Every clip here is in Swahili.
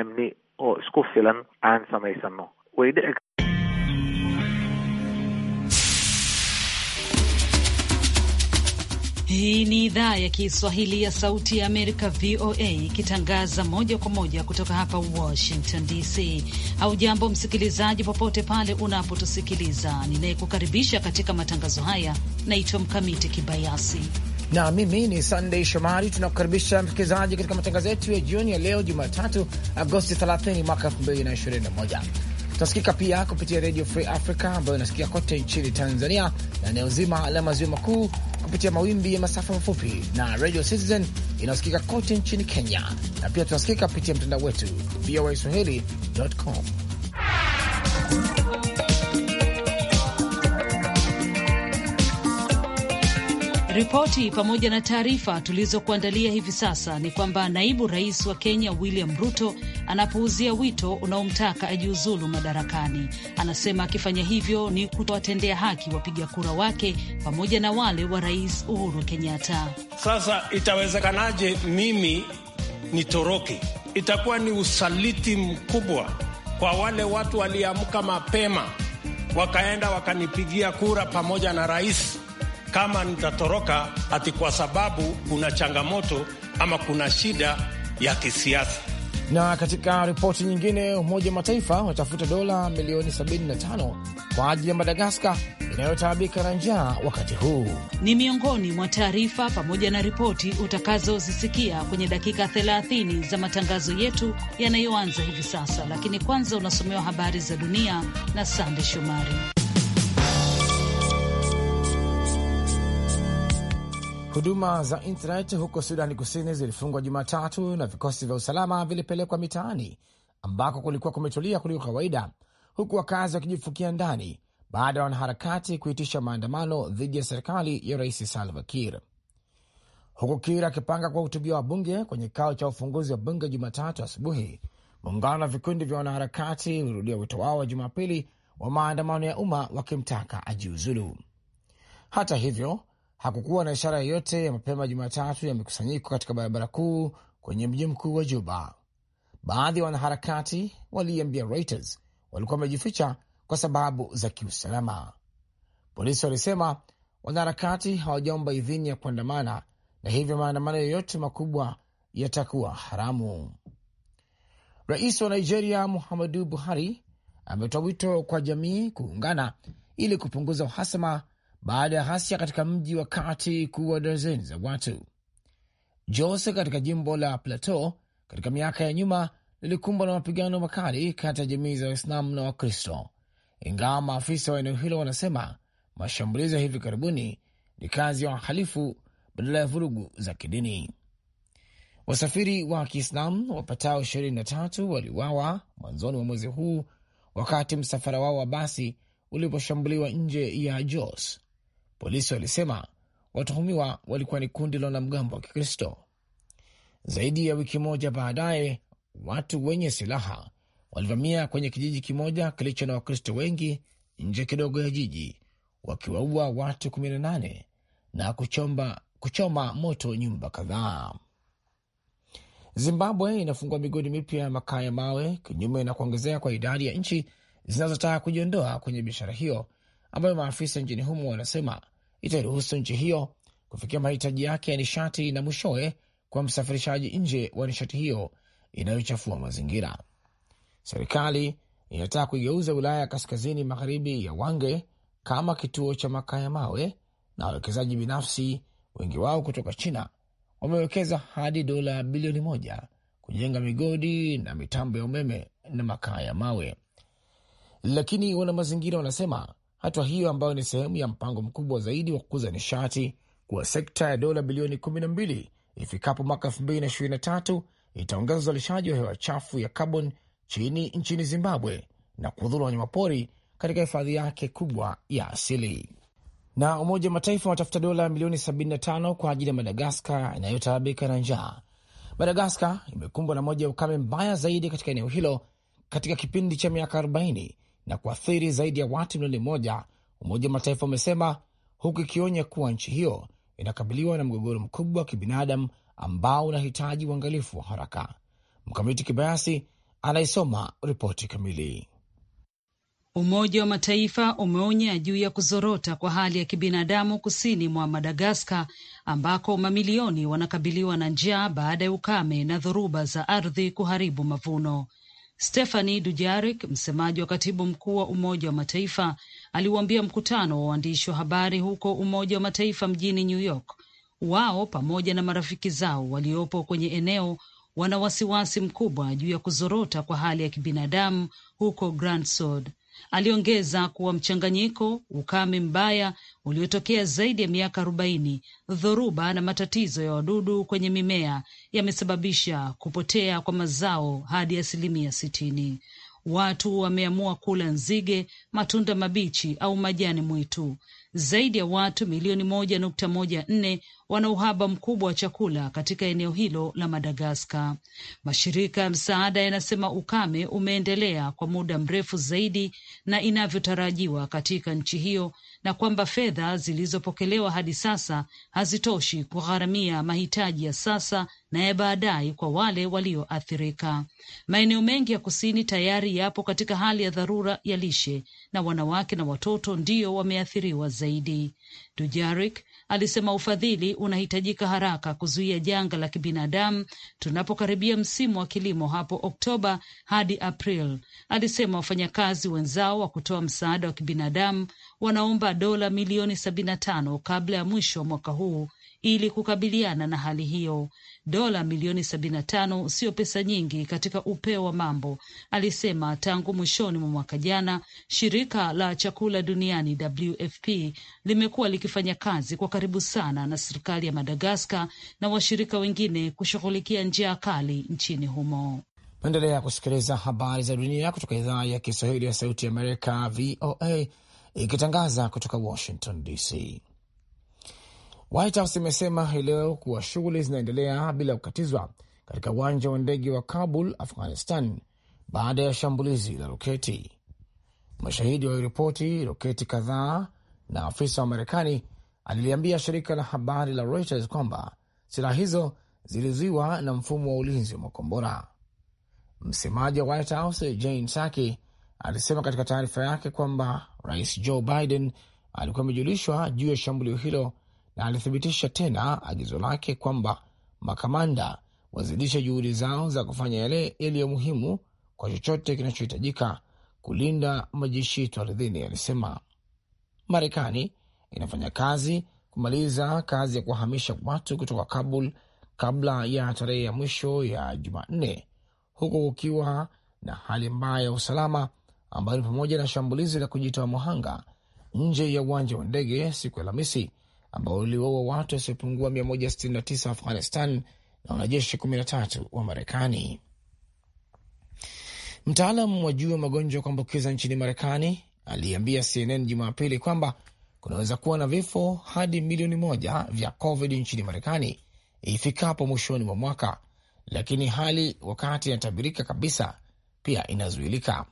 amni oo isku filan aan samaysano way dhici Hii ni idhaa ya Kiswahili ya Sauti ya Amerika, VOA, ikitangaza moja kwa moja kutoka hapa Washington DC. Haujambo msikilizaji, popote pale unapotusikiliza. Ninayekukaribisha katika matangazo haya naitwa Mkamiti Kibayasi na mimi ni sandey Shomari. Tunakukaribisha msikilizaji katika matangazo yetu ya jioni ya leo Jumatatu, Agosti 30 mwaka 2021. Tunasikika pia kupitia Redio Free Africa ambayo inasikika kote nchini Tanzania na eneo zima la maziwa makuu kupitia mawimbi ya masafa mafupi na Radio Citizen inayosikika kote nchini Kenya, na pia tunasikika kupitia mtandao wetu voa swahili.com. Ripoti pamoja na taarifa tulizokuandalia hivi sasa ni kwamba naibu rais wa Kenya William Ruto anapuuzia wito unaomtaka ajiuzulu madarakani. Anasema akifanya hivyo ni kutowatendea haki wapiga kura wake pamoja na wale wa Rais Uhuru Kenyatta. Sasa itawezekanaje mimi nitoroke? Itakuwa ni usaliti mkubwa kwa wale watu waliamka mapema wakaenda wakanipigia kura pamoja na rais kama nitatoroka ati kwa sababu kuna changamoto ama kuna shida ya kisiasa. Na katika ripoti nyingine, Umoja wa Mataifa unatafuta dola milioni 75 kwa ajili ya Madagaskar inayotaabika na njaa wakati huu. Ni miongoni mwa taarifa pamoja na ripoti utakazozisikia kwenye dakika 30 za matangazo yetu yanayoanza hivi sasa, lakini kwanza unasomewa habari za dunia na Sande Shomari. Huduma za intanet huko Sudani Kusini zilifungwa Jumatatu na vikosi vya usalama vilipelekwa mitaani ambako kulikuwa kumetulia kuliko kawaida, huku wakazi wakijifukia ndani baada ya wanaharakati kuitisha maandamano dhidi ya serikali ya Rais Salva Kir. huku kir akipanga kuwahutubia wabunge kwenye kikao cha ufunguzi wa bunge Jumatatu asubuhi. Muungano wa vikundi vya wanaharakati ulirudia wito wao wa Jumapili wa maandamano ya umma wakimtaka ajiuzulu. Hata hivyo Hakukuwa na ishara yoyote ya mapema Jumatatu ya mikusanyiko katika barabara kuu kwenye mji mkuu wa Juba. Baadhi ya wanaharakati waliambia Reuters walikuwa wamejificha kwa sababu za kiusalama. Polisi walisema wanaharakati hawajaomba idhini ya kuandamana na hivyo maandamano yoyote makubwa yatakuwa haramu. Rais wa Nigeria Muhammadu Buhari ametoa wito kwa jamii kuungana ili kupunguza uhasama baada ya ghasia katika mji wa kati kuwa dazeni za watu. Jos katika jimbo la Plateau katika miaka ya nyuma lilikumbwa na mapigano makali kati ya jamii za Waislamu na Wakristo, ingawa maafisa wa eneo hilo wanasema mashambulizi ya hivi karibuni ni kazi ya wahalifu badala ya vurugu za kidini. Wasafiri wa Kiislamu wapatao ishirini na tatu waliuawa mwanzoni mwa mwezi huu wakati msafara wao wa basi uliposhambuliwa nje ya Jos Polisi walisema watuhumiwa walikuwa ni kundi la wanamgambo wa Kikristo. Zaidi ya wiki moja baadaye, watu wenye silaha walivamia kwenye kijiji kimoja kilicho na Wakristo wengi nje kidogo ya jiji, wakiwaua watu 18 na kuchomba, kuchoma moto nyumba kadhaa. Zimbabwe inafungua migodi mipya ya makaa ya mawe kinyume na kuongezea kwa idadi ya nchi zinazotaka kujiondoa kwenye biashara hiyo ambayo maafisa nchini humo wanasema itairuhusu nchi hiyo kufikia mahitaji yake ya nishati na mwishowe kwa msafirishaji nje wa nishati hiyo inayochafua mazingira. Serikali inataka kuigeuza wilaya ya kaskazini magharibi ya Wange kama kituo cha makaa ya mawe, na wawekezaji binafsi wengi wao kutoka China wamewekeza hadi dola bilioni moja kujenga migodi na mitambo ya umeme na makaa ya mawe, lakini wana mazingira wanasema Hatua hiyo ambayo ni sehemu ya mpango mkubwa zaidi wa kukuza nishati kuwa sekta ya dola bilioni 12 ifikapo mwaka 2023 itaongeza uzalishaji wa hewa chafu ya abon chini nchini Zimbabwe na kudhuru wanyamapori katika hifadhi yake kubwa ya asili. Na Umoja wa Mataifa unatafuta dola milioni 75 kwa ajili ya Madagaskar inayotaabika na njaa. Madagaskar imekumbwa na moja ya ukame mbaya zaidi katika eneo hilo katika kipindi cha miaka na kuathiri zaidi ya watu milioni moja, Umoja wa Mataifa umesema huku ikionya kuwa nchi hiyo inakabiliwa na mgogoro mkubwa wa kibinadamu ambao unahitaji uangalifu wa haraka. Mkamiti Kibayasi anaisoma ripoti kamili. Umoja wa Mataifa umeonya juu ya kuzorota kwa hali ya kibinadamu kusini mwa Madagaskar ambako mamilioni wanakabiliwa na njaa baada ya ukame na dhoruba za ardhi kuharibu mavuno. Stephane Dujarik, msemaji wa katibu mkuu wa Umoja wa Mataifa, aliuambia mkutano wa waandishi wa habari huko Umoja wa Mataifa mjini New York, wao pamoja na marafiki zao waliopo kwenye eneo wana wasiwasi mkubwa juu ya kuzorota kwa hali ya kibinadamu huko Grand Sud, Aliongeza kuwa mchanganyiko, ukame mbaya uliotokea zaidi ya miaka arobaini, dhoruba na matatizo ya wadudu kwenye mimea yamesababisha kupotea kwa mazao hadi asilimia sitini. Watu wameamua kula nzige, matunda mabichi au majani mwitu zaidi ya watu milioni moja nukta moja nne wana uhaba mkubwa wa chakula katika eneo hilo la Madagaskar. Mashirika ya msaada yanasema ukame umeendelea kwa muda mrefu zaidi na inavyotarajiwa katika nchi hiyo na kwamba fedha zilizopokelewa hadi sasa hazitoshi kugharamia mahitaji ya sasa na ya baadaye kwa wale walioathirika. Maeneo mengi ya kusini tayari yapo katika hali ya dharura ya lishe na wanawake na watoto ndio wameathiriwa zaidi zaidi. Dujarik alisema ufadhili unahitajika haraka kuzuia janga la kibinadamu tunapokaribia msimu wa kilimo hapo Oktoba hadi April. Alisema wafanyakazi wenzao wa kutoa msaada wa kibinadamu wanaomba dola milioni 75 kabla ya mwisho wa mwaka huu ili kukabiliana na hali hiyo, dola milioni 75 sio pesa nyingi katika upeo wa mambo, alisema. Tangu mwishoni mwa mwaka jana, shirika la chakula duniani WFP limekuwa likifanya kazi kwa karibu sana na serikali ya Madagaskar na washirika wengine kushughulikia njia kali nchini humo. Naendelea kusikiliza habari za dunia kutoka idhaa ya Kiswahili ya Sauti ya Amerika, VOA, ikitangaza kutoka Washington DC. White House imesema hii leo kuwa shughuli zinaendelea bila kukatizwa katika uwanja wa ndege wa Kabul, Afghanistan, baada ya shambulizi la roketi. Mashahidi waliripoti roketi kadhaa, na afisa wa Marekani aliliambia shirika la habari la Reuters kwamba silaha hizo zilizuiwa na mfumo wa ulinzi wa makombora. Msemaji wa White House Jane Saki alisema katika taarifa yake kwamba Rais Joe Biden alikuwa amejulishwa juu ya shambulio hilo na alithibitisha tena agizo lake kwamba makamanda wazidisha juhudi zao za kufanya yale yaliyo muhimu kwa chochote kinachohitajika kulinda majeshi yetu ardhini, alisema. Marekani inafanya kazi kumaliza kazi ya kuwahamisha watu kutoka Kabul kabla ya tarehe ya mwisho ya Jumanne, huku kukiwa na hali mbaya ya usalama ambayo ni pamoja na shambulizi la kujitoa muhanga nje ya uwanja wa ndege siku ya Alhamisi ambao uliwaua watu wasiopungua 169 Afghanistan na wanajeshi 13 wa Marekani. Mtaalam wa juu wa magonjwa ya kuambukiza nchini Marekani aliambia CNN Jumapili kwamba kunaweza kuwa na vifo hadi milioni moja vya COVID nchini Marekani ifikapo mwishoni mwa mwaka, lakini hali wakati inatabirika kabisa pia inazuilika.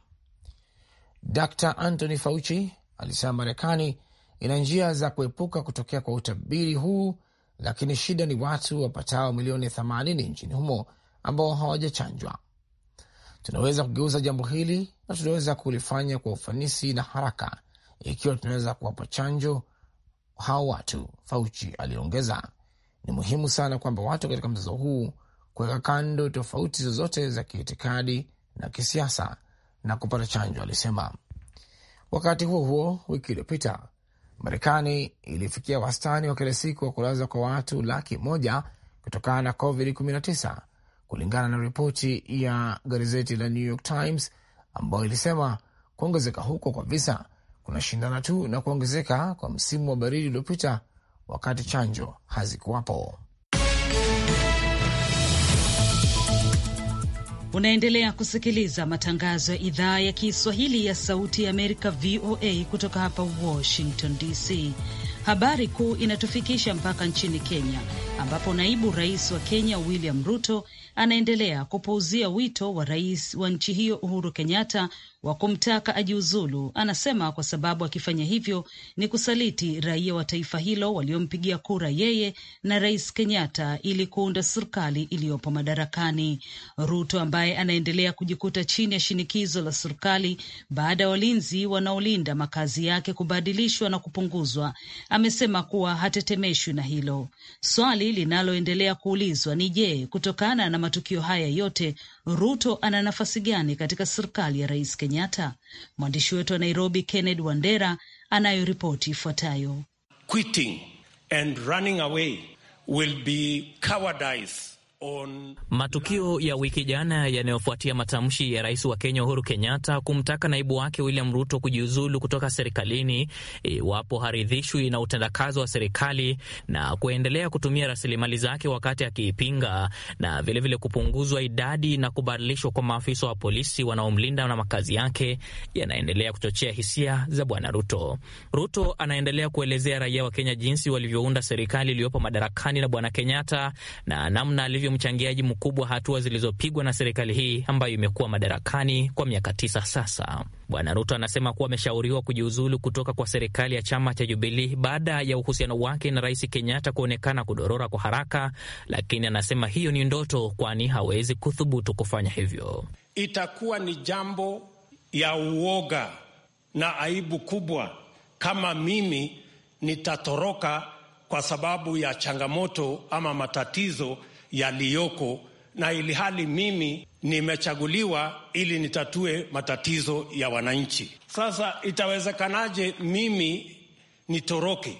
Dr Anthony Fauci alisema Marekani ina njia za kuepuka kutokea kwa utabiri huu, lakini shida ni watu wapatao milioni 80 nchini humo ambao hawajachanjwa. Tunaweza kugeuza jambo hili na tunaweza kulifanya kwa ufanisi na haraka ikiwa tunaweza kuwapa chanjo hao watu, Fauchi aliongeza. Ni muhimu sana kwamba watu katika mzozo huu kuweka kando tofauti zozote za kiitikadi na kisiasa na kupata chanjo, alisema. Wakati huo huo, wiki iliyopita Marekani ilifikia wastani wa kila siku wa kulaza kwa watu laki moja kutokana na COVID-19 kulingana na ripoti ya gazeti la New York Times ambayo ilisema kuongezeka huko kwa visa kunashindana tu na kuongezeka kwa msimu wa baridi uliopita wakati chanjo hazikuwapo. Unaendelea kusikiliza matangazo ya idhaa ya Kiswahili ya Sauti ya Amerika, VOA, kutoka hapa Washington DC. Habari kuu inatufikisha mpaka nchini Kenya, ambapo naibu rais wa Kenya William Ruto anaendelea kupuuzia wito wa rais wa nchi hiyo Uhuru Kenyatta wa kumtaka ajiuzulu. Anasema kwa sababu akifanya hivyo ni kusaliti raia wa taifa hilo waliompigia kura yeye na rais Kenyatta ili kuunda serikali iliyopo madarakani. Ruto ambaye anaendelea kujikuta chini ya shinikizo la serikali baada ya walinzi wanaolinda makazi yake kubadilishwa na kupunguzwa, amesema kuwa hatetemeshwi na hilo. Swali linaloendelea kuulizwa ni je, kutokana na matukio haya yote, Ruto ana nafasi gani katika serikali ya Rais Kenyatta? Mwandishi wetu wa Nairobi, kenned Wandera, anayo ripoti ifuatayo. Quitting and running away will be cowardice on... matukio ya wiki jana yanayofuatia matamshi ya rais wa Kenya Uhuru Kenyatta kumtaka naibu wake William Ruto kujiuzulu kutoka serikalini iwapo haridhishwi na utendakazi wa serikali na kuendelea kutumia rasilimali zake wakati akiipinga, na vilevile vile kupunguzwa idadi na kubadilishwa kwa maafisa wa polisi wanaomlinda na makazi yake yanaendelea kuchochea hisia za bwana Ruto. Ruto anaendelea kuelezea raia wa Kenya jinsi walivyounda serikali iliyopo madarakani na bwana Kenyatta na namna alivyo mchangiaji mkubwa hatua zilizopigwa na serikali hii ambayo imekuwa madarakani kwa miaka tisa sasa. Bwana Ruto anasema kuwa ameshauriwa kujiuzulu kutoka kwa serikali ya chama cha Jubilii baada ya uhusiano wake na Rais Kenyatta kuonekana kudorora kwa haraka, lakini anasema hiyo ni ndoto, kwani hawezi kuthubutu kufanya hivyo. Itakuwa ni jambo ya uoga na aibu kubwa kama mimi nitatoroka kwa sababu ya changamoto ama matatizo yaliyoko, na ili hali mimi nimechaguliwa ili nitatue matatizo ya wananchi. Sasa itawezekanaje mimi nitoroke?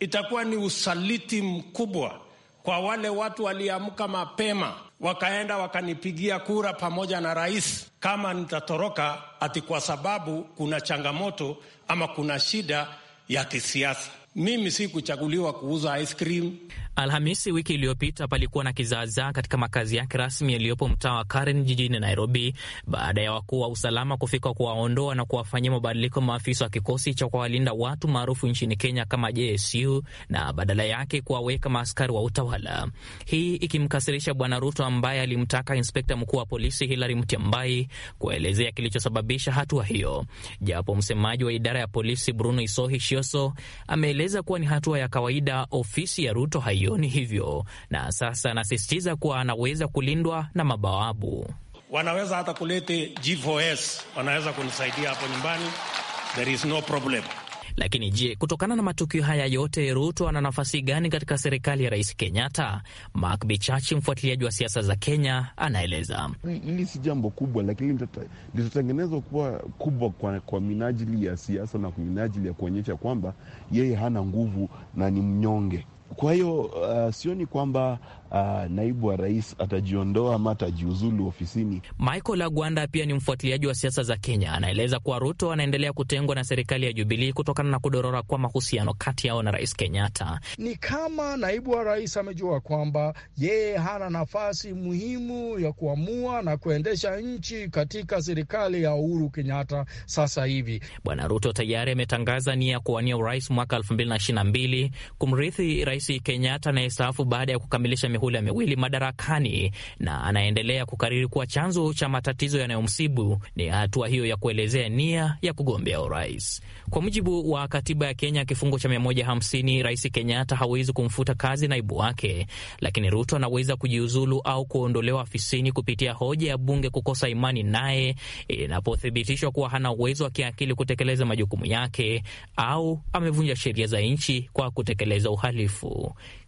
Itakuwa ni usaliti mkubwa kwa wale watu waliamka mapema wakaenda wakanipigia kura pamoja na rais, kama nitatoroka ati kwa sababu kuna changamoto ama kuna shida ya kisiasa. Mimi sikuchaguliwa kuuza ice cream. Alhamisi wiki iliyopita palikuwa na kizaazaa katika makazi yake rasmi yaliyopo mtaa wa Karen jijini Nairobi, baada ya wakuu wa usalama kufika kuwaondoa na kuwafanyia mabadiliko maafisa wa kikosi cha kuwalinda watu maarufu nchini Kenya kama JSU na badala yake kuwaweka maaskari wa utawala, hii ikimkasirisha Bwana Ruto ambaye alimtaka inspekta mkuu wa polisi Hilary Mutyambai kuelezea kilichosababisha hatua hiyo, japo msemaji wa idara ya polisi Bruno Isohi Shioso ameeleza alieleza kuwa ni hatua ya kawaida. Ofisi ya Ruto haioni hivyo, na sasa anasisitiza kuwa anaweza kulindwa na mabawabu. Wanaweza hata kulete G4S, wanaweza kunisaidia hapo nyumbani, there is no problem. Lakini je, kutokana na matukio haya yote, Ruto ana nafasi gani katika serikali ya Rais Kenyatta? Mark Bichachi, mfuatiliaji wa siasa za Kenya, anaeleza. Hili si jambo kubwa, lakini litatengenezwa kuwa kubwa kwa, kwa minajili ya siasa na kwa minajili ya kuonyesha kwamba yeye hana nguvu na ni mnyonge. Kwa hiyo uh, sioni kwamba uh, naibu wa rais atajiondoa ama atajiuzulu ofisini. Michael Agwanda pia ni mfuatiliaji wa siasa za Kenya, anaeleza kuwa Ruto anaendelea kutengwa na serikali ya Jubilii kutokana na kudorora kwa mahusiano kati yao na rais Kenyatta. Ni kama naibu wa rais amejua kwamba yeye hana nafasi muhimu ya kuamua na kuendesha nchi katika serikali ya Uhuru Kenyatta sasa hivi. Bwana Ruto tayari ametangaza nia ya kuwania urais mwaka 2022 kumrithi rais Kenyatta anayestaafu baada ya kukamilisha mihula miwili madarakani na anaendelea kukariri kuwa chanzo cha matatizo yanayomsibu ni hatua hiyo ya kuelezea nia ya kugombea urais. Kwa mujibu wa katiba ya Kenya kifungu cha 150, Rais Kenyatta hawezi kumfuta kazi naibu wake, lakini Ruto anaweza kujiuzulu au kuondolewa afisini kupitia hoja ya bunge kukosa imani naye inapothibitishwa kuwa hana uwezo wa kiakili kutekeleza majukumu yake au amevunja sheria za nchi kwa kutekeleza uhalifu.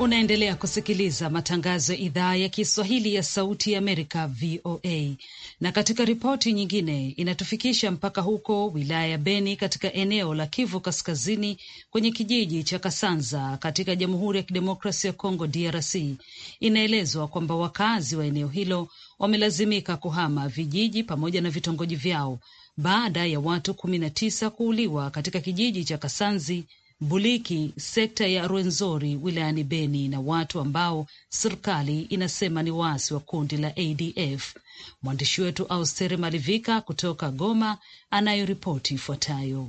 Unaendelea kusikiliza matangazo ya idhaa ya Kiswahili ya Sauti ya Amerika, VOA. Na katika ripoti nyingine, inatufikisha mpaka huko wilaya ya Beni katika eneo la Kivu Kaskazini, kwenye kijiji cha Kasanza katika Jamhuri ya Kidemokrasia ya Kongo, DRC. Inaelezwa kwamba wakazi wa eneo hilo wamelazimika kuhama vijiji pamoja na vitongoji vyao baada ya watu kumi na tisa kuuliwa katika kijiji cha Kasanzi Buliki, sekta ya Rwenzori wilayani Beni, na watu ambao serikali inasema ni waasi wa kundi la ADF. Mwandishi wetu Austere Malivika kutoka Goma anayoripoti ifuatayo.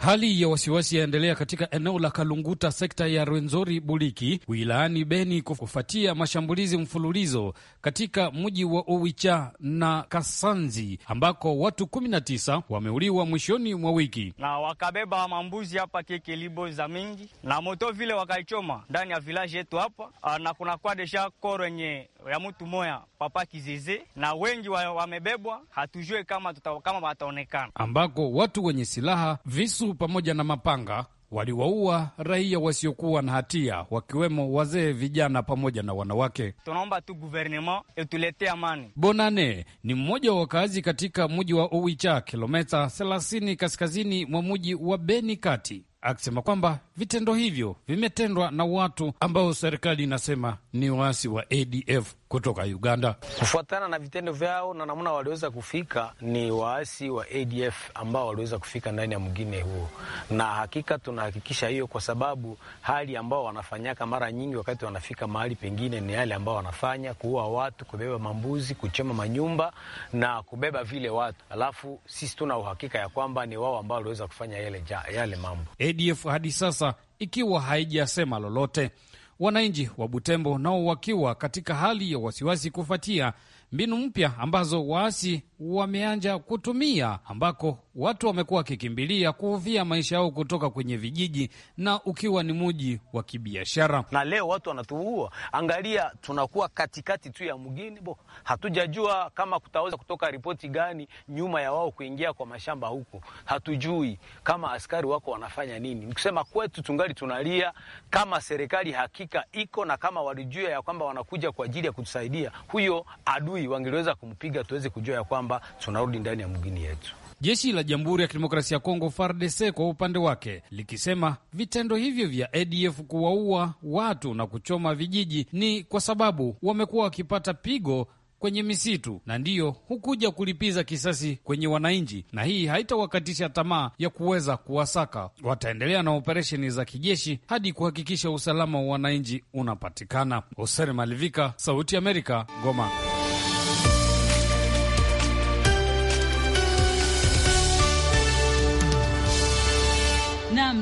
Hali ya wasiwasi yaendelea katika eneo la Kalunguta, sekta ya Rwenzori Buliki, wilayani Beni, kufuatia mashambulizi mfululizo katika mji wa Owicha na Kasanzi, ambako watu 19 wameuliwa mwishoni mwa wiki, na wakabeba mambuzi hapa keke libo za mingi na moto vile wakaichoma ndani ya vilaji yetu hapa, ah, na kuna kwa desha koro yenye ya mtu moya papa Kizize, na wengi wamebebwa wa hatujue kama tuta, kama wataonekana, ambako watu wenye silaha visu pamoja na mapanga waliwaua raia wasiokuwa na hatia wakiwemo wazee, vijana pamoja na wanawake. Tunaomba tu guvernema etuletee amani. Bonane ni mmoja wa wakazi katika mji wa Owicha, kilometa 30 kaskazini mwa mji wa Beni kati akisema kwamba vitendo hivyo vimetendwa na watu ambao serikali inasema ni waasi wa ADF kutoka Uganda. Kufuatana na vitendo vyao na namna waliweza kufika, ni waasi wa ADF ambao waliweza kufika ndani ya mwingine huo, na hakika tunahakikisha hiyo, kwa sababu hali ambao wanafanyaka mara nyingi wakati wanafika mahali pengine ni hali ambao wanafanya kuua watu, kubeba mambuzi, kuchoma manyumba na kubeba vile watu, alafu sisi tuna uhakika ya kwamba ni wao ambao waliweza kufanya yale, ja, yale mambo. ADF hadi sasa ikiwa haijasema lolote wananchi wa Butembo nao wakiwa katika hali ya wasiwasi kufuatia mbinu mpya ambazo waasi wameanja kutumia ambako watu wamekuwa wakikimbilia kuhofia maisha yao kutoka kwenye vijiji na ukiwa ni muji wa kibiashara, na leo watu wanatuua. Angalia, tunakuwa katikati tu ya mgini bo, hatujajua kama kutaweza kutoka ripoti gani nyuma ya wao kuingia kwa mashamba huko, hatujui kama askari wako wanafanya nini. Nikusema kwetu tungali tunalia kama serikali hakika iko na kama walijua ya kwamba wanakuja kwa ajili ya kutusaidia, huyo adui wangeliweza kumpiga tuweze kujua ya kwamba tunarudi ndani ya mgini yetu. Jeshi la Jamhuri ya Kidemokrasia ya Kongo FARDC kwa upande wake likisema vitendo hivyo vya ADF kuwaua watu na kuchoma vijiji ni kwa sababu wamekuwa wakipata pigo kwenye misitu na ndiyo hukuja kulipiza kisasi kwenye wananchi, na hii haitawakatisha tamaa ya kuweza kuwasaka. Wataendelea na operesheni za kijeshi hadi kuhakikisha usalama wa wananchi unapatikana. Hoser Malivika, Sauti Amerika, Goma.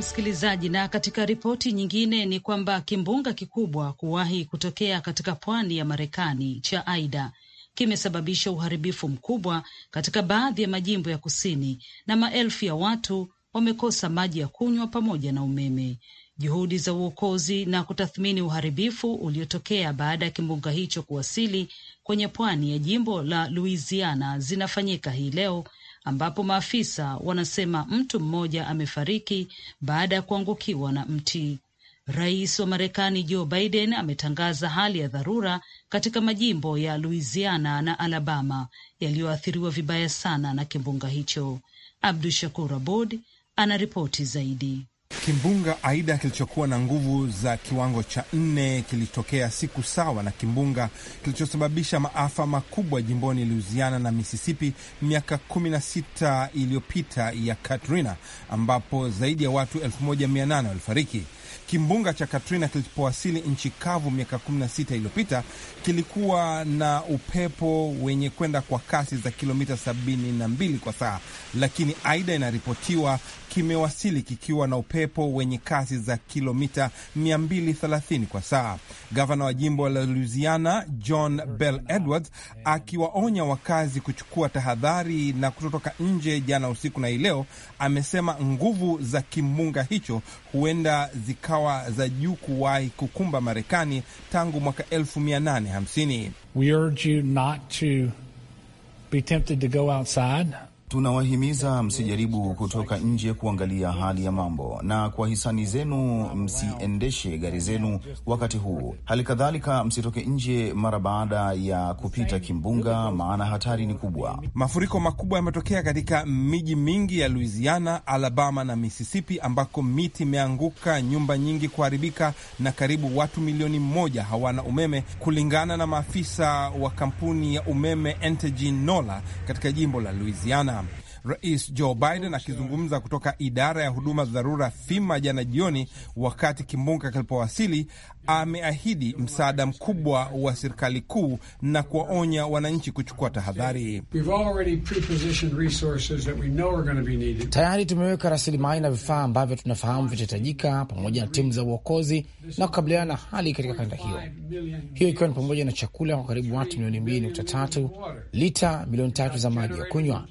msikilizaji. Na katika ripoti nyingine ni kwamba kimbunga kikubwa kuwahi kutokea katika pwani ya Marekani cha Aida kimesababisha uharibifu mkubwa katika baadhi ya majimbo ya kusini na maelfu ya watu wamekosa maji ya kunywa pamoja na umeme. Juhudi za uokozi na kutathmini uharibifu uliotokea baada ya kimbunga hicho kuwasili kwenye pwani ya jimbo la Louisiana zinafanyika hii leo ambapo maafisa wanasema mtu mmoja amefariki baada ya kuangukiwa na mti. Rais wa Marekani Joe Biden ametangaza hali ya dharura katika majimbo ya Louisiana na Alabama yaliyoathiriwa vibaya sana na kimbunga hicho. Abdu Shakur Abud ana ripoti zaidi. Kimbunga Aida kilichokuwa na nguvu za kiwango cha nne kilitokea siku sawa na kimbunga kilichosababisha maafa makubwa jimboni Louisiana na Mississippi miaka 16 iliyopita ya Katrina, ambapo zaidi ya watu 1800 walifariki. Kimbunga cha Katrina kilipowasili nchi kavu miaka 16 iliyopita kilikuwa na upepo wenye kwenda kwa kasi za kilomita 72 kwa saa, lakini Aida inaripotiwa kimewasili kikiwa na upepo wenye kasi za kilomita 230 kwa saa. Gavana wa jimbo la Louisiana John Bell Edwards akiwaonya wakazi kuchukua tahadhari na kutotoka nje jana usiku na hii leo, amesema nguvu za kimbunga hicho huenda zikawa kahawa za juu kuwahi kukumba Marekani tangu mwaka 1850. Tunawahimiza msijaribu kutoka nje kuangalia hali ya mambo, na kwa hisani zenu msiendeshe gari zenu wakati huu. Hali kadhalika msitoke nje mara baada ya kupita kimbunga, maana hatari ni kubwa. Mafuriko makubwa yametokea katika miji mingi ya Louisiana, Alabama na Mississippi ambako miti imeanguka, nyumba nyingi kuharibika, na karibu watu milioni moja hawana umeme, kulingana na maafisa wa kampuni ya umeme Entergy Nola katika jimbo la Louisiana. Rais Joe Biden akizungumza kutoka idara ya huduma za dharura FEMA jana jioni, wakati kimbunga kilipowasili, ameahidi msaada mkubwa wa serikali kuu na kuwaonya wananchi kuchukua tahadhari. Tayari tumeweka rasilimali na vifaa ambavyo tunafahamu vitahitajika pamoja na timu za uokozi na kukabiliana na hali katika kanda hiyo, hiyo ikiwa ni pamoja na chakula kwa karibu watu milioni mbili nukta tatu lita milioni tatu za maji ya kunywa.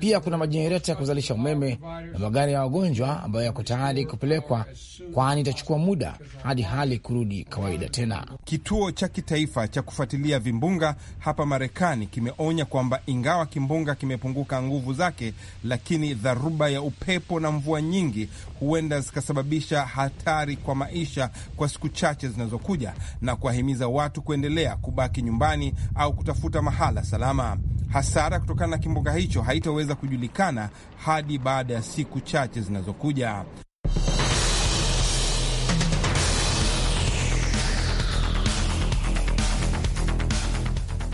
Pia kuna majenereta ya kuzalisha umeme na magari ya wagonjwa ambayo yako tayari kupelekwa, kwani itachukua muda hadi hali kurudi kawaida tena. Kituo cha kitaifa cha kufuatilia vimbunga hapa Marekani kimeonya kwamba ingawa kimbunga kimepunguka nguvu zake, lakini dharuba ya upepo na mvua nyingi huenda zikasababisha hatari kwa maisha kwa siku chache zinazokuja, na kuwahimiza watu kuendelea kubaki nyumbani au kutafuta mahala salama. Hasara kutokana na kimbunga hicho haitaweza kujulikana hadi baada ya siku chache zinazokuja.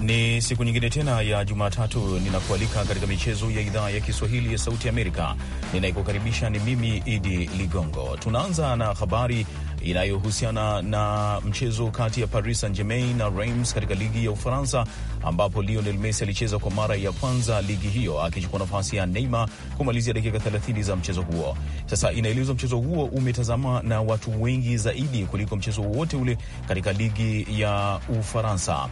Ni siku nyingine tena ya Jumatatu ninakualika katika michezo ya idhaa ya Kiswahili ya Sauti Amerika. Ninayekukaribisha ni mimi Idi Ligongo. Tunaanza na habari inayohusiana na mchezo kati ya Paris Saint-Germain na Reims katika ligi ya Ufaransa ambapo Lionel Messi alicheza kwa mara ya kwanza ligi hiyo akichukua nafasi ya Neymar kumalizia dakika 30 za mchezo huo. Sasa inaelezwa mchezo huo umetazama na watu wengi zaidi kuliko mchezo wowote ule katika ligi ya Ufaransa.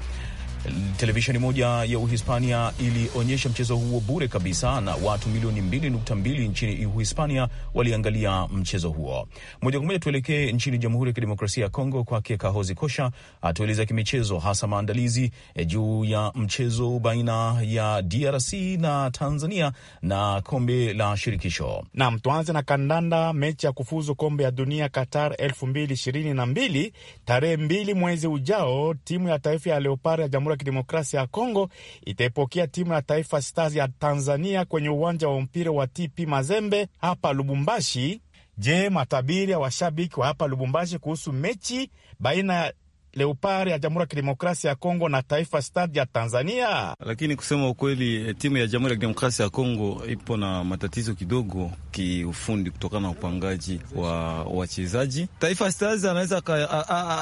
Televisheni moja ya Uhispania ilionyesha mchezo huo bure kabisa na watu milioni 2.2 nchini Uhispania waliangalia mchezo huo. Moja kwa moja tuelekee nchini Jamhuri ya Kidemokrasia ya Kongo, kwake Kahozi Kosha atueleza kimichezo, hasa maandalizi e, juu ya mchezo baina ya DRC na Tanzania na kombe la shirikisho. Nam, tuanze na kandanda. Mechi ya kufuzu kombe ya dunia Qatar 2022 tarehe mbili mwezi ujao, timu ya taifa ya Leopard ya Jamhuri ya Kidemokrasia ya Kongo itaipokea timu ya Taifa Stars ya Tanzania kwenye uwanja wa mpira wa TP Mazembe hapa Lubumbashi. Je, matabiri ya washabiki wa hapa Lubumbashi kuhusu mechi baina ya Leopard ya Jamhuri ya Kidemokrasia ya Kongo na Taifa Stars ya Tanzania. Lakini kusema ukweli, eh, timu ya Jamhuri ya Kidemokrasia ya Kongo ipo na matatizo kidogo kiufundi kutokana na upangaji wa wachezaji. Taifa Stars anaweza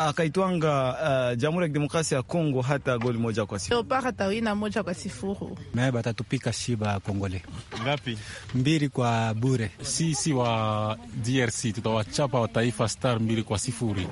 akaitwanga uh, Jamhuri ya Kidemokrasia ya Kongo hata goli moja kwa sifuri. Leopard atawina moja kwa sifuru. Naye batatupika shiba Kongole ngapi? Mbili kwa bure. Sisi wa DRC tutawachapa wa Taifa Star mbili kwa sifuri.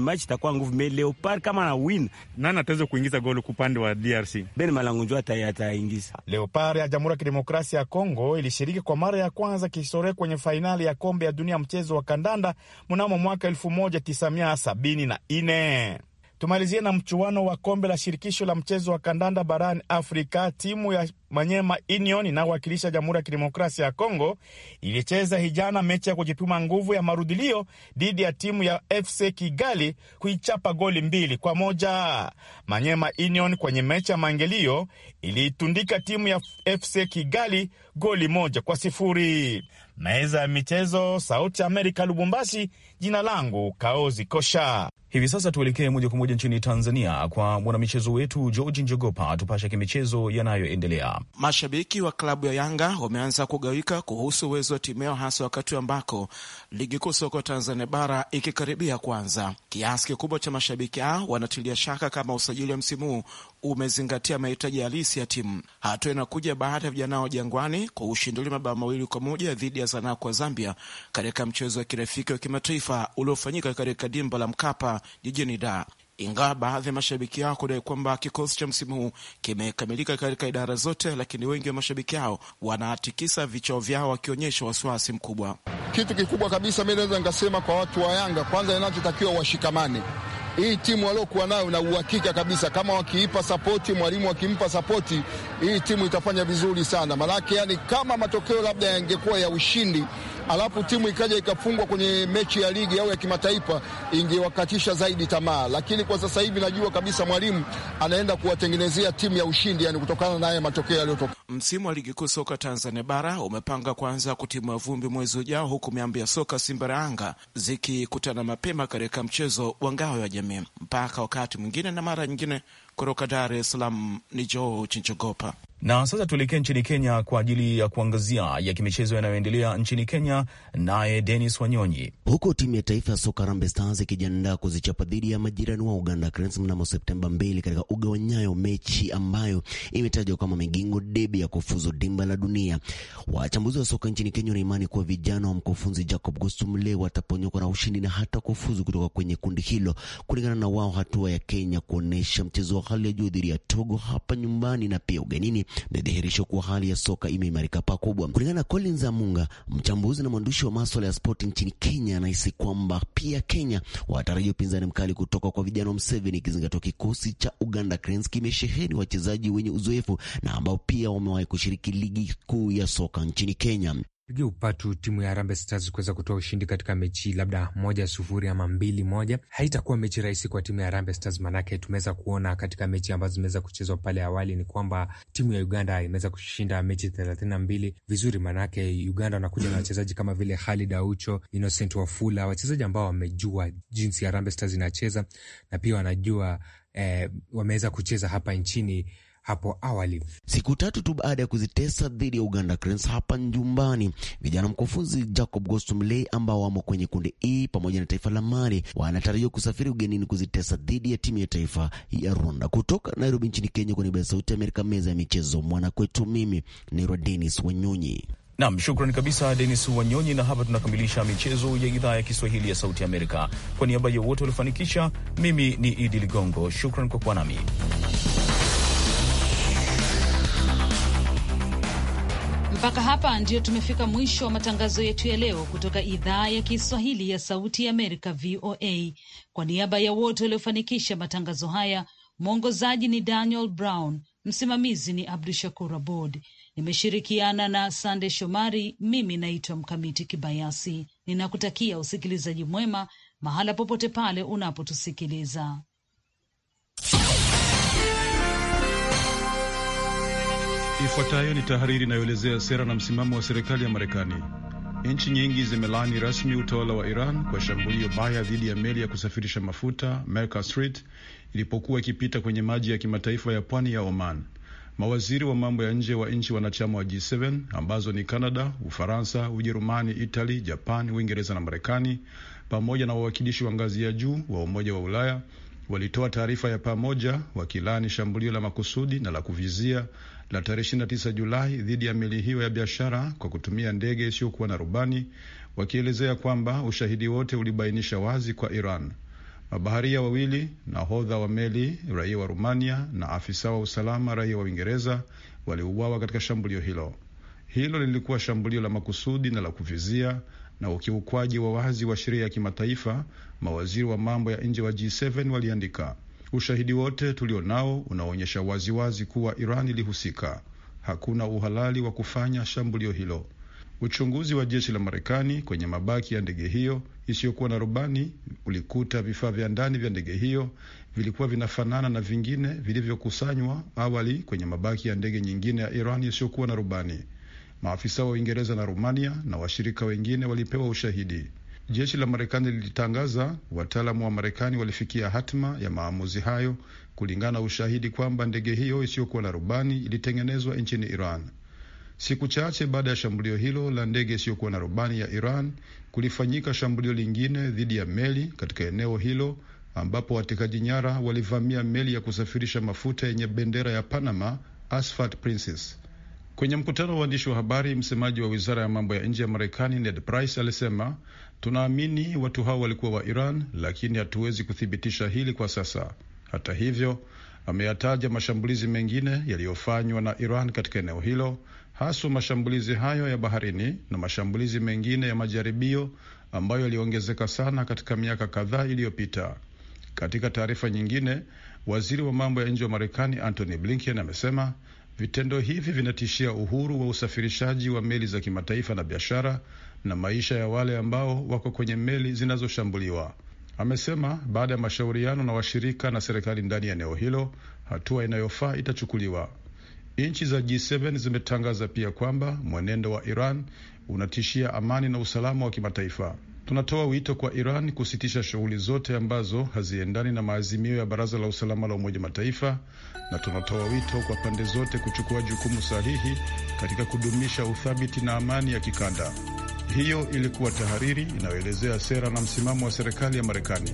Mechi itakuwa nguvu meleo par kama na win nani ataweza kuingiza goli upande wa DRC? Ben Malangunjo ataingiza. Leopard ya Jamhuri ya Kidemokrasia ya Kongo ilishiriki kwa mara ya kwanza kihistoria kwenye fainali ya kombe ya dunia mchezo wa kandanda mnamo mwaka 1974. Tumalizie na mchuano wa kombe la shirikisho la mchezo wa kandanda barani Afrika. Timu ya Manyema Union inayowakilisha Jamhuri ya Kidemokrasia ya Kongo ilicheza hijana mechi ya kujipima nguvu ya marudhilio dhidi ya timu ya FC Kigali kuichapa goli mbili kwa moja. Manyema Union kwenye mechi ya maengelio iliitundika timu ya FC Kigali goli moja kwa sifuri. Meza ya michezo, Sauti Amerika, Lubumbashi. Jina langu Kaozi Kosha. Hivi sasa tuelekee moja kwa moja nchini Tanzania kwa mwanamichezo wetu George Njogopa tupasha kimichezo yanayoendelea. Mashabiki wa klabu ya Yanga wameanza kugawika kuhusu uwezo wa timu yao, hasa wakati ambako ligi kuu soko Tanzania bara ikikaribia kuanza. Kiasi kikubwa cha mashabiki hao wanatilia shaka kama usajili wa msimu huu umezingatia mahitaji halisi ya timu. Hatua inakuja baada ya vijana wa Jangwani kuushindulia mabao mawili kwa moja dhidi ya Zanaco wa Zambia katika mchezo wa kirafiki wa kimataifa uliofanyika katika dimba la Mkapa jijini Da. ingawa baadhi ya mashabiki yao kudai kwamba kikosi cha msimu huu kimekamilika katika idara zote, lakini wengi wa mashabiki hao wanatikisa vichwa vyao wakionyesha wasiwasi mkubwa. Kitu kikubwa kabisa, mi naweza nikasema kwa watu wa Yanga, kwanza inachotakiwa washikamane hii timu waliokuwa nayo na uhakika kabisa, kama wakiipa sapoti mwalimu, akimpa sapoti hii timu itafanya vizuri sana, manake yani kama matokeo labda yangekuwa ya ushindi alafu timu ikaja ikafungwa kwenye mechi ya ligi au ya kimataifa, ingewakatisha zaidi tamaa. Lakini kwa sasa hivi najua kabisa mwalimu anaenda kuwatengenezea timu ya ushindi, yani kutokana na haya matokeo yaliyotoka Msimu wa ligi kuu soka Tanzania bara umepanga kuanza kutimua vumbi mwezi ujao, huku miamba ya soka Simba na Yanga zikikutana mapema katika mchezo wa ngao ya jamii. Mpaka wakati mwingine na mara nyingine, kutoka Dar es Salaam ni joo Chinchogopa. Na sasa tuelekee nchini Kenya kwa ajili ya kuangazia yakimichezo yanayoendelea nchini Kenya, naye Denis Wanyonyi. Huku timu ya taifa ya soka Harambee Stars ikijiandaa kuzichapa dhidi ya majirani wa Uganda Cranes mnamo Septemba 2 katika uga wa Nyayo, mechi ambayo imetajwa kama Migingo Debi ya kufuzu dimba la dunia. Wachambuzi wa soka nchini Kenya wanaimani kuwa vijana wa mkufunzi Jacob Gostumle wataponyoka na ushindi na hata kufuzu kutoka kwenye kundi hilo. Kulingana na wao, hatua ya Kenya kuonesha mchezo wa hali ya juu dhidi ya Togo hapa nyumbani na pia ugenini ni dhihirisho kuwa hali ya soka imeimarika pakubwa. Kulingana na Collins Amunga, mchambuzi na mwandishi wa maswala ya spoti nchini Kenya, anahisi kwamba pia Kenya watarajia upinzani mkali kutoka kwa vijana wa Mseveni, ikizingatiwa kikosi cha Uganda Cranes kimesheheni wachezaji wenye uzoefu na ambao pia wamewahi kushiriki ligi kuu ya soka nchini Kenya pige upatu timu ya Harambee Stars kuweza kutoa ushindi katika mechi labda moja sufuri ama mbili moja. Haitakuwa mechi rahisi kwa timu ya Harambee Stars, manake tumeweza kuona katika mechi ambazo zimeweza kuchezwa pale awali ni kwamba timu ya Uganda imeweza kushinda mechi thelathini na mbili vizuri, manake Uganda wanakuja na wachezaji kama vile Khalid Aucho, Innocent Wafula, wachezaji ambao wamejua jinsi Harambee Stars inacheza na pia wanajua eh, wameweza kucheza hapa nchini hapo awali. Siku tatu tu baada ya kuzitesa dhidi ya Uganda Cranes hapa nyumbani, vijana mkufunzi Jacob Gostomley ambao wamo kwenye kundi E pamoja na taifa la Mali wanatarajiwa kusafiri ugenini kuzitesa dhidi ya timu ya taifa ya Rwanda. Kutoka Nairobi nchini Kenya, kwa niaba ya Sauti ya Amerika, meza ya michezo mwanakwetu, mimi naitwa Denis Wanyonyi. Nam, shukran kabisa Denis Wanyonyi. Na hapa tunakamilisha michezo ya idhaa ya Kiswahili ya Sauti Amerika. Kwa niaba ya wote waliofanikisha, mimi ni Idi Ligongo, shukran kwa kuwa nami. Mpaka hapa ndio tumefika mwisho wa matangazo yetu ya leo kutoka idhaa ya Kiswahili ya Sauti ya Amerika, VOA. Kwa niaba ya wote waliofanikisha matangazo haya, mwongozaji ni Daniel Brown, msimamizi ni Abdu Shakur Abod, nimeshirikiana na Sande Shomari. Mimi naitwa Mkamiti Kibayasi, ninakutakia usikilizaji mwema mahala popote pale unapotusikiliza. Ifuatayo ni tahariri inayoelezea sera na msimamo wa serikali ya Marekani. Nchi nyingi zimelaani rasmi utawala wa Iran kwa shambulio baya dhidi ya meli ya kusafirisha mafuta Mercer Street ilipokuwa ikipita kwenye maji ya kimataifa ya pwani ya Oman. Mawaziri wa mambo ya nje wa nchi wanachama wa G7 ambazo ni Kanada, Ufaransa, Ujerumani, Itali, Japan, Uingereza na Marekani pamoja na wawakilishi wa ngazi ya juu wa Umoja wa Ulaya walitoa taarifa ya pamoja wakilaani shambulio la makusudi na la kuvizia la tarehe 29 Julai dhidi ya meli hiyo ya biashara kwa kutumia ndege isiyokuwa na rubani, wakielezea kwamba ushahidi wote ulibainisha wazi kwa Iran. Mabaharia wawili, nahodha wa meli raia wa Rumania na afisa wa usalama raia wa Uingereza waliuawa katika shambulio hilo. Hilo lilikuwa shambulio la makusudi na la kuvizia na ukiukwaji wa wazi wa sheria ya kimataifa, mawaziri wa mambo ya nje wa G7 waliandika. Ushahidi wote tulionao unaonyesha waziwazi kuwa Iran ilihusika. Hakuna uhalali wa kufanya shambulio hilo. Uchunguzi wa jeshi la Marekani kwenye mabaki ya ndege hiyo isiyokuwa na rubani ulikuta vifaa vya ndani vya ndege hiyo vilikuwa vinafanana na vingine vilivyokusanywa awali kwenye mabaki ya ndege nyingine ya Iran isiyokuwa na rubani. Maafisa wa Uingereza na Rumania na washirika wengine walipewa ushahidi. Jeshi la Marekani lilitangaza wataalamu wa Marekani walifikia hatima ya maamuzi hayo kulingana na ushahidi kwamba ndege hiyo isiyokuwa na rubani ilitengenezwa nchini Iran. Siku chache baada ya shambulio hilo la ndege isiyokuwa na rubani ya Iran, kulifanyika shambulio lingine dhidi ya meli katika eneo hilo, ambapo watekaji nyara walivamia meli ya kusafirisha mafuta yenye bendera ya Panama, Asphalt Princess. Kwenye mkutano wa waandishi wa habari, msemaji wa wizara ya mambo ya nje ya Marekani Ned Price alisema, tunaamini watu hao walikuwa wa Iran, lakini hatuwezi kuthibitisha hili kwa sasa. Hata hivyo, ameyataja mashambulizi mengine yaliyofanywa na Iran katika eneo hilo, haswa mashambulizi hayo ya baharini na mashambulizi mengine ya majaribio ambayo yaliongezeka sana katika miaka kadhaa iliyopita. Katika taarifa nyingine, waziri wa mambo ya nje wa Marekani Antony Blinken amesema Vitendo hivi vinatishia uhuru wa usafirishaji wa meli za kimataifa na biashara na maisha ya wale ambao wako kwenye meli zinazoshambuliwa, amesema. Baada ya mashauriano na washirika na serikali ndani ya eneo hilo, hatua inayofaa itachukuliwa. Nchi za G7 zimetangaza pia kwamba mwenendo wa Iran unatishia amani na usalama wa kimataifa tunatoa wito kwa Iran kusitisha shughuli zote ambazo haziendani na maazimio ya Baraza la Usalama la Umoja Mataifa, na tunatoa wito kwa pande zote kuchukua jukumu sahihi katika kudumisha uthabiti na amani ya kikanda. Hiyo ilikuwa tahariri inayoelezea sera na msimamo wa serikali ya Marekani.